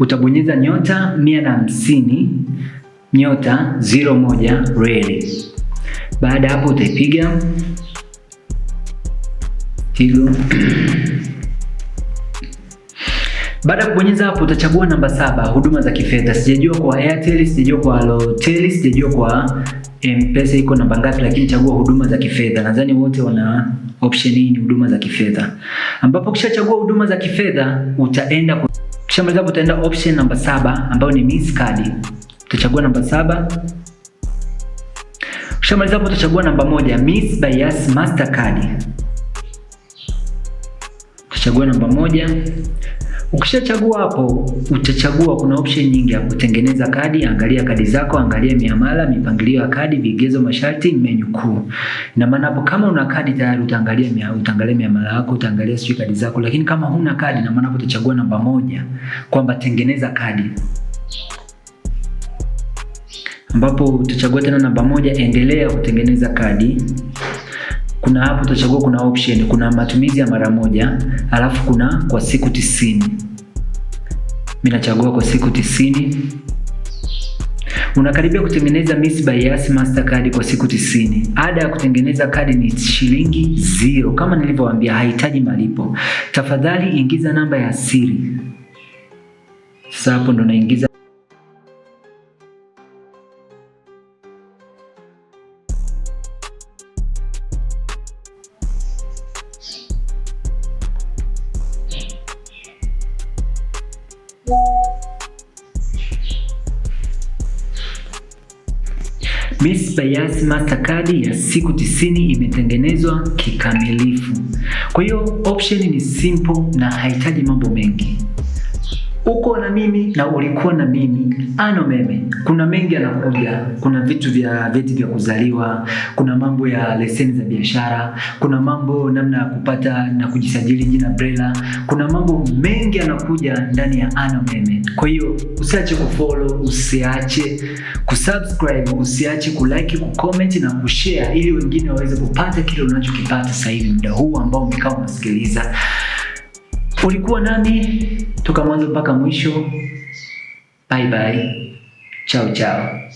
utabonyeza nyota mia na nyota 01 moja reli. Baada hapo utaipiga tigo. Baada ya kubonyeza hapo utachagua namba saba, huduma za kifedha. Sijajua kwa Airtel, sijajua kwa Halotel, sijajua kwa Mpesa iko namba ngapi, lakini chagua huduma za kifedha. Nadhani wote wana option hii, ni huduma za kifedha, ambapo ukishachagua huduma za kifedha utaenda kwa Ukishamaliza hapo utaenda option namba saba ambayo ni miss card. Utachagua namba saba. Ukishamaliza hapo utachagua namba moja Miss Bias card. Utachagua namba moja. Ukishachagua hapo, utachagua kuna option nyingi ya kutengeneza kadi. Angalia kadi zako, angalia miamala, mipangilio ya kadi, vigezo, masharti, menu kuu. Na maana hapo kama una kadi tayari utaangalia mia, utaangalia miamala yako, utaangalia sio kadi zako, lakini kama huna kadi, na maana hapo utachagua namba moja kwamba tengeneza kadi ambapo utachagua tena namba moja, endelea kutengeneza kadi. Kuna hapo utachagua, kuna option, kuna matumizi ya mara moja, alafu kuna kwa siku tisini. Mimi nachagua kwa siku tisini. Unakaribia kutengeneza Miss Bias Mastercard kwa siku tisini. Ada ya kutengeneza kadi ni shilingi zero. Kama nilivyowaambia, hahitaji malipo. Tafadhali ingiza namba ya siri. Sasa hapo ndo naingiza Miss Payasi Mastercard ya siku tisini imetengenezwa kikamilifu. Kwa hiyo option ni simple na haihitaji mambo mengi uko na mimi na ulikuwa na mimi ano meme. Kuna mengi yanakuja, kuna vitu vya vyeti vya kuzaliwa, kuna mambo ya leseni za biashara, kuna mambo namna ya kupata na kujisajili jina BRELA, kuna mambo mengi yanakuja ndani ya ano meme. Kwa hiyo usiache kufollow, usiache kusubscribe, usiache kulike, kucomment na kushare, ili wengine waweze kupata kile unachokipata sasa hivi muda huu ambao umekaa unasikiliza. Ulikuwa nami toka mwanzo mpaka mwisho. Bye bye. Chao chao.